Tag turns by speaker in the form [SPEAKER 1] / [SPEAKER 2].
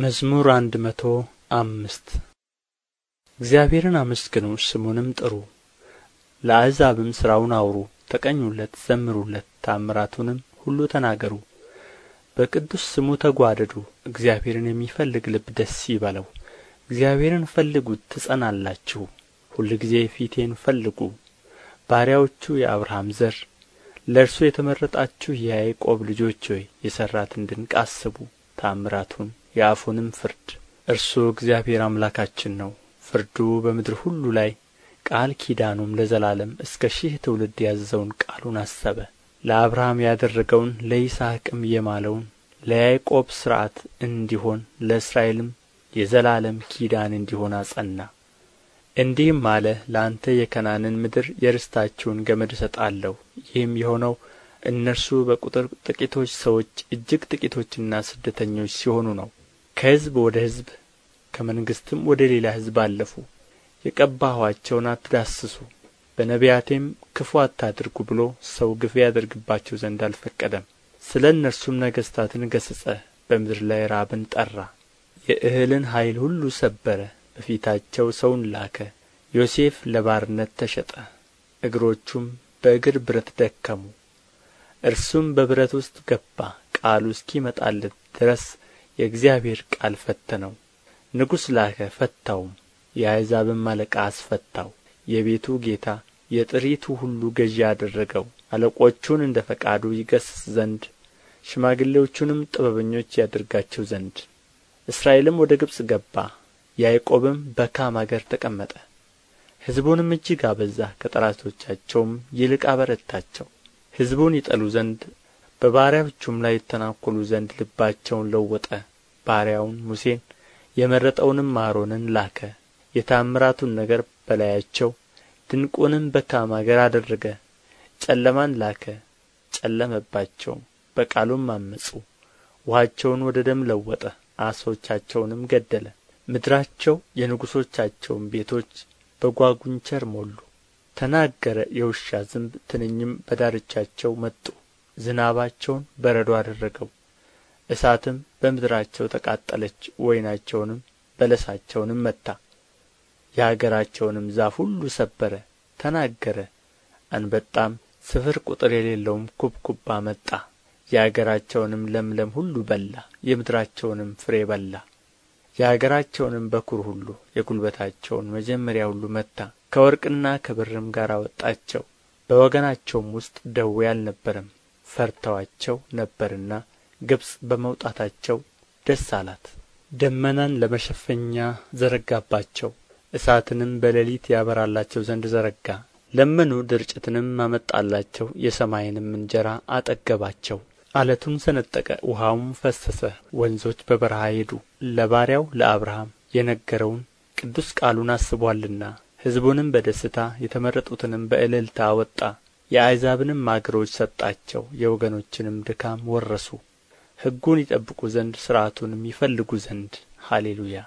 [SPEAKER 1] መዝሙር አንድ መቶ አምስት እግዚአብሔርን አመስግኑ ስሙንም ጥሩ፣ ለአሕዛብም ሥራውን አውሩ። ተቀኙለት፣ ዘምሩለት፣ ታምራቱንም ሁሉ ተናገሩ። በቅዱስ ስሙ ተጓደዱ፣ እግዚአብሔርን የሚፈልግ ልብ ደስ ይበለው። እግዚአብሔርን ፈልጉት ትጸናላችሁ፣ ሁልጊዜ ፊቴን ፈልጉ። ባሪያዎቹ የአብርሃም ዘር ለእርሱ የተመረጣችሁ የያዕቆብ ልጆች ሆይ የሠራትን ድንቅ አስቡ ታምራቱን የአፉንም ፍርድ እርሱ እግዚአብሔር አምላካችን ነው ፍርዱ በምድር ሁሉ ላይ ቃል ኪዳኑም ለዘላለም እስከ ሺህ ትውልድ ያዘዘውን ቃሉን አሰበ ለአብርሃም ያደረገውን ለይስሐቅም የማለውን ለያዕቆብ ሥርዓት እንዲሆን ለእስራኤልም የዘላለም ኪዳን እንዲሆን አጸና እንዲህም አለ ለአንተ የከናንን ምድር የርስታችሁን ገመድ እሰጣለሁ ይህም የሆነው እነርሱ በቁጥር ጥቂቶች ሰዎች እጅግ ጥቂቶችና ስደተኞች ሲሆኑ ነው ከሕዝብ ወደ ሕዝብ ከመንግሥትም ወደ ሌላ ሕዝብ አለፉ የቀባኋቸውን አትዳስሱ በነቢያቴም ክፉ አታድርጉ ብሎ ሰው ግፍ ያደርግባቸው ዘንድ አልፈቀደም ስለ እነርሱም ነገሥታትን ገሠጸ በምድር ላይ ራብን ጠራ የእህልን ኃይል ሁሉ ሰበረ በፊታቸው ሰውን ላከ ዮሴፍ ለባርነት ተሸጠ እግሮቹም በእግር ብረት ደከሙ እርሱም በብረት ውስጥ ገባ ቃሉ እስኪመጣለት ድረስ የእግዚአብሔር ቃል ፈተነው ንጉሥ ላከ ፈታውም የአሕዛብም አለቃ አስፈታው የቤቱ ጌታ የጥሪቱ ሁሉ ገዢ አደረገው አለቆቹን እንደ ፈቃዱ ይገሥጽ ዘንድ ሽማግሌዎቹንም ጥበበኞች ያደርጋቸው ዘንድ እስራኤልም ወደ ግብጽ ገባ ያዕቆብም በካም አገር ተቀመጠ ሕዝቡንም እጅግ አበዛ ከጠላቶቻቸውም ይልቅ አበረታቸው ሕዝቡን ይጠሉ ዘንድ በባሪያዎቹም ላይ ይተናኰሉ ዘንድ ልባቸውን ለወጠ ባሪያውን ሙሴን የመረጠውንም አሮንን ላከ የታምራቱን ነገር በላያቸው ድንቁንም በካም አገር አደረገ ጨለማን ላከ ጨለመባቸውም በቃሉም አመፁ ውሃቸውን ወደ ደም ለወጠ ዓሦቻቸውንም ገደለ ምድራቸው የንጉሶቻቸውን ቤቶች በጓጉንቸር ሞሉ ተናገረ የውሻ ዝንብ ትንኝም በዳርቻቸው መጡ ዝናባቸውን በረዶ አደረገው እሳትም በምድራቸው ተቃጠለች ወይናቸውንም በለሳቸውንም መታ የአገራቸውንም ዛፍ ሁሉ ሰበረ ተናገረ አንበጣም ስፍር ቁጥር የሌለውም ኩብኩባ መጣ የአገራቸውንም ለምለም ሁሉ በላ የምድራቸውንም ፍሬ በላ የአገራቸውንም በኩር ሁሉ የጉልበታቸውን መጀመሪያ ሁሉ መታ ከወርቅና ከብርም ጋር አወጣቸው በወገናቸውም ውስጥ ደዌ አልነበረም ፈርተዋቸው ነበርና ግብጽ በመውጣታቸው ደስ አላት ደመናን ለመሸፈኛ ዘረጋባቸው እሳትንም በሌሊት ያበራላቸው ዘንድ ዘረጋ ለመኑ ድርጭትንም አመጣላቸው የሰማይንም እንጀራ አጠገባቸው አለቱን ሰነጠቀ ውሃውም ፈሰሰ ወንዞች በበረሃ ሄዱ ለባሪያው ለአብርሃም የነገረውን ቅዱስ ቃሉን አስቧልና ሕዝቡንም በደስታ የተመረጡትንም በእልልታ አወጣ የአሕዛብንም አገሮች ሰጣቸው የወገኖችንም ድካም ወረሱ ሕጉን ይጠብቁ ዘንድ ሥርዓቱንም ይፈልጉ ዘንድ ሃሌሉያ